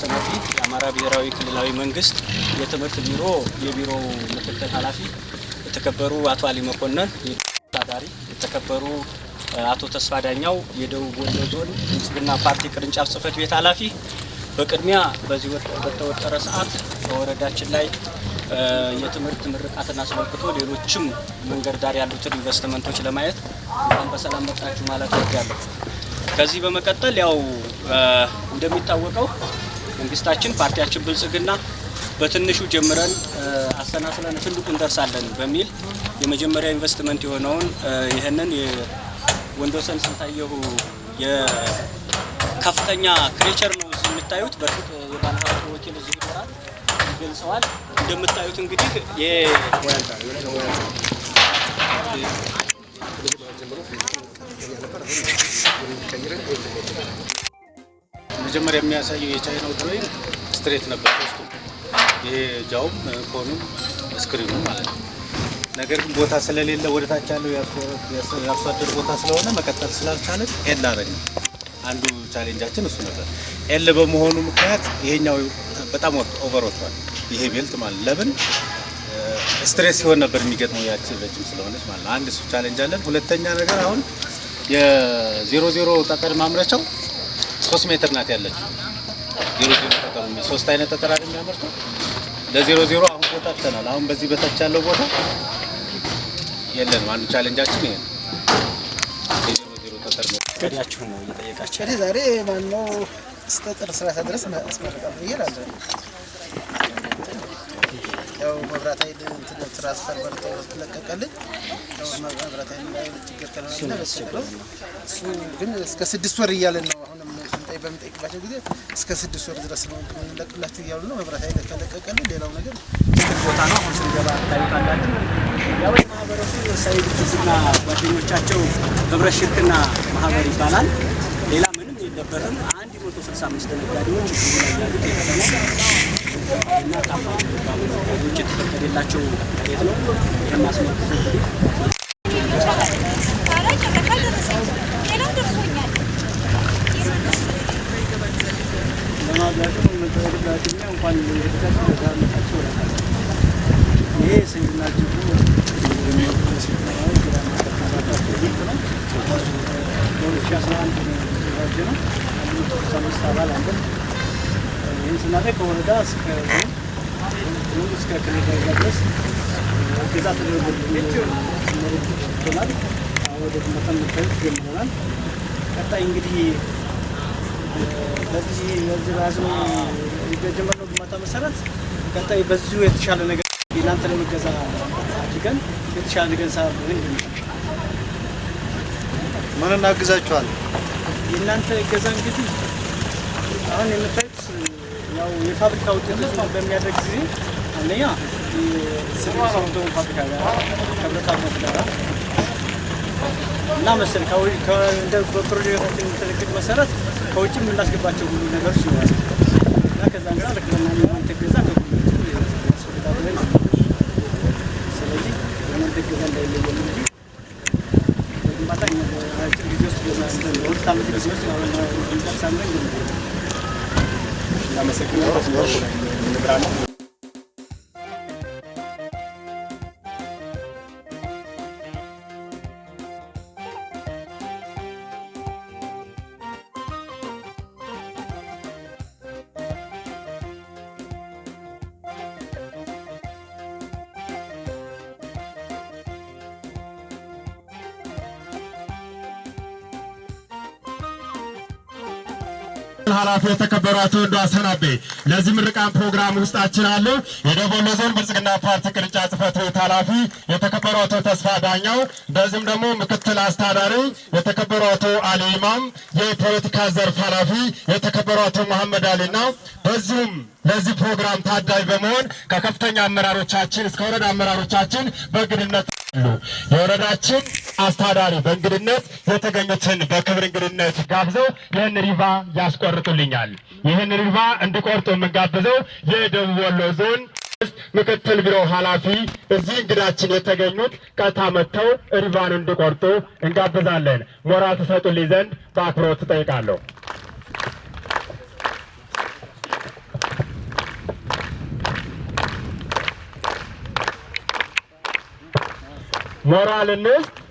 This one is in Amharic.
ሰናፊ የአማራ ብሔራዊ ክልላዊ መንግስት የትምህርት ቢሮ የቢሮ ምክትል ኃላፊ የተከበሩ አቶ አሊ መኮንን ዳሪ የተከበሩ አቶ ተስፋ ዳኛው የደቡብ ወሎ ዞን ብልጽግና ፓርቲ ቅርንጫፍ ጽህፈት ቤት ኃላፊ በቅድሚያ በዚህ በተወጠረ ሰዓት በወረዳችን ላይ የትምህርት ምርቃትን አስመልክቶ ሌሎችም መንገድ ዳር ያሉትን ኢንቨስትመንቶች ለማየት እንኳን በሰላም መጣችሁ ማለት ወዳለሁ። ከዚህ በመቀጠል ያው እንደሚታወቀው መንግስታችን፣ ፓርቲያችን ብልጽግና በትንሹ ጀምረን አሰናስለን ትልቁ እንደርሳለን በሚል የመጀመሪያ ኢንቨስትመንት የሆነውን ይህንን የወንዶሰን ስንታየሁ የከፍተኛ ክሬቸር ነው የምታዩት። በእርግጥ የባለሀብቱ ወኪል እዚህ ይኖራል ይገልጸዋል። እንደምታዩት እንግዲህ መጀመሪያ የሚያሳየው የቻይናው ድሮይን ስትሬት ነበር ሶስቱ ይሄ ጃውም ፎኑም ስክሪኑ ማለት ነው። ነገር ግን ቦታ ስለሌለ ወደ ታች ያለው የአርሶ አደር ቦታ ስለሆነ መቀጠል ስላልቻለ ኤል አረግ አንዱ ቻሌንጃችን እሱ ነበር። ኤል በመሆኑ ምክንያት ይሄኛው በጣም ኦቨር ወጥቷል። ይሄ ቤልት ማለት ለምን ስትሬስ ሲሆን ነበር የሚገጥመው ያችን ረጅም ስለሆነች ማለት ነው። አንድ እሱ ቻሌንጅ አለን። ሁለተኛ ነገር አሁን የዜሮ ዜሮ ጠጠር ማምረቻው ሶስት ሜትር ናት ያለችው። ዜሮ ዜሮ ጠጠር ሶስት አይነት ጠጠር አይደል የሚያመርተው ለዜሮ ዜሮ አሁን ቦታ ተናል። አሁን በዚህ በታች ያለው ቦታ የለንም። አንዱ ቻሌንጃችን ይሄ ነው። ዜሮ ዜሮ ጠጠር ነው ከዲያችሁ ነው እየጠየቃችሁ እኔ ዛሬ ማነው እስከ ጥር ስራ ድረስ አስመርቃለሁ ይላል። እላለሁ። ያው መብራት ኃይል እንትን ትራንስፈርመር ተለቀቀልን። መብራት ኃይል ላይ ችግር ከለለ እሱ ግን እስከ ስድስት ወር እያለን በምንጠይቅባቸው ጊዜ እስከ ስድስት ወር ድረስ ነው የምንለቅላችሁ እያሉ ነው። መብራት ኃይል ከለቀቀልን ሌላው ነገር ችግር ቦታ ነው። አሁን ስንገባ ታዩታላለን። ያው ማህበረሱ ሳይ ድርጅትና ጓደኞቻቸው ህብረት ሽርክና ማህበር ይባላል። ሌላ ምንም የለበትም። አንድ መቶ ስልሳ አምስት ነጋዴዎች ያሉት የከተማ እና ጣፋ ነጋዴዎች የተፈቀደላቸው ቤት ነው። ይህም አስመልክቶ ስናደርግ ከወረዳ እስከ እስከ ክልል ድረስ እገዛ ተደርጎ ወደ መታየት ጀምረናል። ቀጣይ እንግዲህ በዚህ በዚህ በያዝነው የጀመርነው መሰረት ቀጣይ በዚሁ የተሻለ ነገር እናንተ አድርገን የተሻለ ነገር ሰራ ምን እናግዛችኋል? የእናንተ እገዛ እንግዲህ አሁን የምታ ያው የፋብሪካ ውጤቶች በሚያደርግ ጊዜ አንደኛ ስሚሰሩደሞ ፋብሪካ ጋር ከብረታሞት ጋር እና መሰል በፕሮጀክታችን የሚተለቅቅ መሰረት ከውጭ የምናስገባቸው ሁሉ ነገሮች ይኖራል እና ከዛ ጋር ለክለና የማንተ ገዛ ብለን ስለዚህ የማንተ እንዳይለየም እንጂ በግንባታ ጊዜ ውስጥ ሁለት ዓመት ጊዜ ውስጥ ሳምረን Não, mas aqui não é ኃላፊ የተከበራቸው እንዶ አሰናቤ ለዚህ ምርቃን ፕሮግራም ውስጣችን አሉ። የደቡብ ዞን ብልጽግና ፓርቲ ቅርንጫፍ ጽሕፈት ቤት ኃላፊ የተከበሩ አቶ ተስፋ ዳኛው፣ እንደዚሁም ደግሞ ምክትል አስተዳዳሪ የተከበሩ አቶ አሊ ኢማም፣ የፖለቲካ ዘርፍ ኃላፊ የተከበሩ አቶ መሐመድ አሊና በዚሁም ለዚህ ፕሮግራም ታዳጅ በመሆን ከከፍተኛ አመራሮቻችን እስከ ወረዳ አመራሮቻችን በግድነት አሉ። የወረዳችን አስተዳዳሪ በእንግድነት የተገኙትን በክብር እንግድነት ጋብዘው ይህን ሪቫ ያስቆርጡልኛል። ይህን ሪቫ እንዲቆርጡ የምንጋብዘው የደቡብ ወሎ ዞን ምክትል ቢሮ ኃላፊ እዚህ እንግዳችን የተገኙት ቀጥታ መጥተው ሪቫን እንዲቆርጡ እንጋብዛለን። ሞራል ትሰጡልኝ ዘንድ በአክብሮት ትጠይቃለሁ። ሞራልን